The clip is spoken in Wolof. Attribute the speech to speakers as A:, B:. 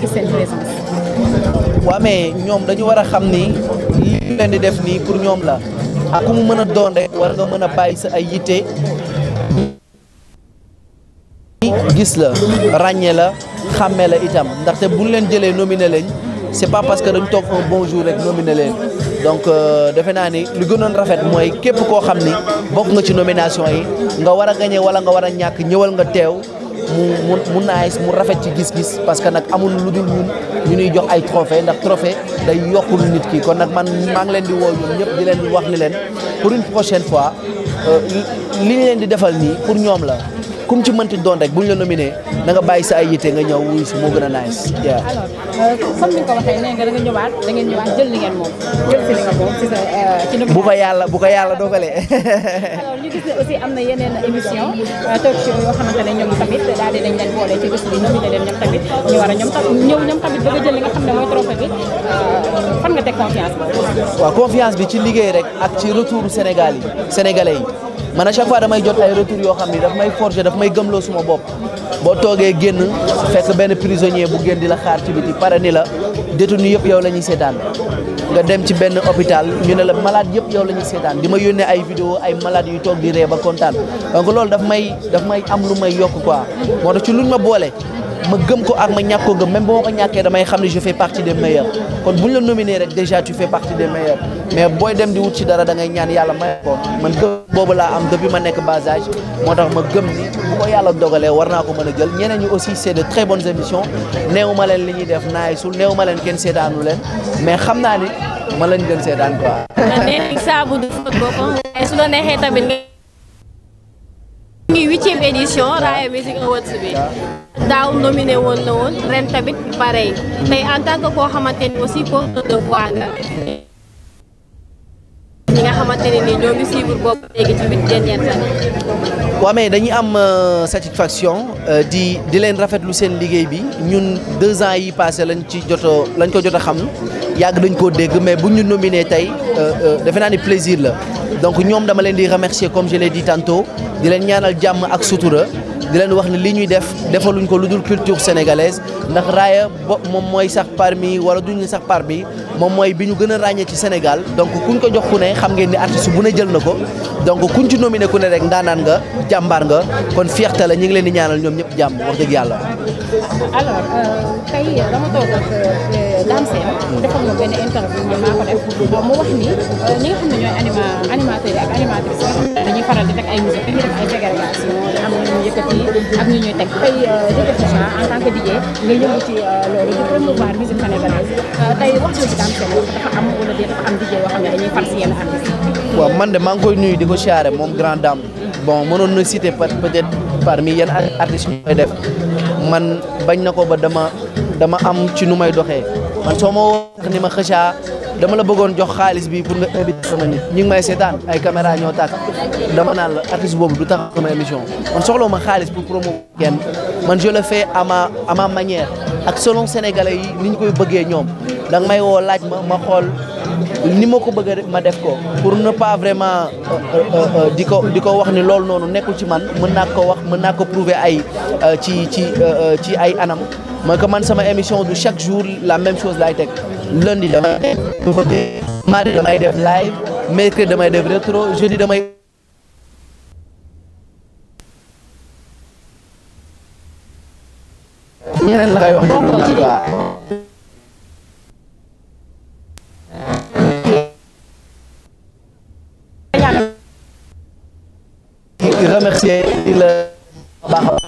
A: gis seen
B: ñoom dañu war a xam ni li leen di def nii pour ñoom la ak mën a doon rek war nga mën a bàyyi sa ay yitte gis la ràññee la xàmmee la itam ndaxte bu leen jëlee nominé lañ c'est pas parce que dañ toog un bon jour rek nominé leen donc euh, defe naa ni lu gënoon rafet mooy képp koo xam ni bokk nga ci nomination yi nga war a gañe wala nga war a ñàkk ñëwal nga teew mu mu mu mu rafet ci gis-gis parce que nag amul lu dul ñun ñu ñuy jox ay trophée ndax trophée day yokkul nit ki kon nag man maa ngi leen di woo ñoom ñëpp di leen di wax ni leen pour une prochaine fois euh, li leen di defal nii pour ñoom la. kum ci mënti doon rek bu ñu la nominé na nga sa ay yite nga ñëw wuy si moo gën a nice. alors
A: euh, comme ni nga ko waxee nee nga da ñëwaat jël li nga moom euh,
B: bu ko yàlla bu ko yàlla dogalee.
A: alors ñu gis ne am na yeneen émission euh, talk ci ñëw tamit bëgg a jël li nga xam ne mooy trophée bi fan nga teg confiance
B: bi. ci liggéey rek ak ci retour Sénégal yi man à chaque fois damay jot ay retour yoo xam ni daf may forger daf may gëmloo suma bopp boo toogee génn fekk benn prisonnier bu génn di la xaar ci biti pare ni la détenu yëpp yow la ñuy seetaan nga dem ci benn hôpital ñu ne la malade yëpp yow la ñuy seetaan di ma yónnee ay video ay malade yu toog di ree ba kontaan donc loolu daf may daf may am lu may yokk quoi moo tax ci luñ ma boole ma gëm ko ak ma ñàkk ko gëm même bu ma ko ñàkkee damay xam ne je fais partie des meilleurs kon bu ñu la nominé rek déjà tu fais partie des meilleurs mais booy dem di wut ci dara da ngay ñaan yàlla may ko man gëm boobu laa am depuis ma nekk bas moo tax ma gëm ni bu ko yàlla dogalee war naa ko mën a jël ñeneen ñi aussi c'est de très bonnes émissions néew ma leen li ñuy def naa naay sul néew ma leen kenn seetaanu leen mais xam naa ni ma lañ gën see quoi.
A: man ñuy huitième édition Raaya Music Awards bi daaw nominé woon na woon ren tamit pareil tey en tant que koo xamante ni aussi porte de voix xamante ne ni ñoo
B: waa mais dañuy am euh, satisfaction euh, di di leen rafetlu seen liggéey bi ñun deux ans yi passé lañ ci joto lañ ko jot a xam yàgg dañ ko dégg mais bu ñu nominé tey euh, defe naa ni plaisir la donc ñoom dama leen di remercier comme je l'ai dit tantôt di leen ñaanal jàmm ak sutura di leen wax ne li ñuy def defaluñ ko lu dul culture sénégalaise ndax raaya bo moom mooy sax parmi wala duñ sax par bi moom mooy bi ñu gën a ràññee ci Sénégal donc kuñ ko jox ku ne xam ngeen ni artiste bu ne jël na ko donc kuñ ci nominé ku ne rek ndaanaan nga jàmbaar nga kon fierté la ñu ngi leen di ñaanal ñoom ñëpp jàmm wax dëgg euh, euh,
A: ni euh, ñi xam ne ñooy anima animateurs yi ak animatrices faral di ay musique dañuy def ay dégrégation Euh, yëkkati euh,
B: euh, man de maa koy nuyu di ko siyaare moom grande dame bon mënoon na citer peut-être parmi yenn artistes yu bañ na ko ba dama dama am ci nu may doxee man soo ma ni ma Kheucha dama la bëggoon jox xaalis bi pour nga invité sama nit ñi ngi may seetaan ay caméra ñoo tàkk dama naan la artiste boobu du tax sama émission man soxlawuma xaalis pour promouvoir kenn man je le fais à ma à ak selon sénégalais yi ni ñu koy bëggee ñoom danga may woo laaj ma ma xool ni ma ko bëgg ma def ko pour ne pas vraiment euh, euh, euh, di ko di ko wax ni loolu noonu nekkul ci man mën naa ko wax mën naa ko prouver ay ci ci ci ay anam mooy que man sama émission du chaque jour la même chose laay teg lundi damay mardi damay def live mercredi damay def rétro jeudi damay ñeneen la koy wax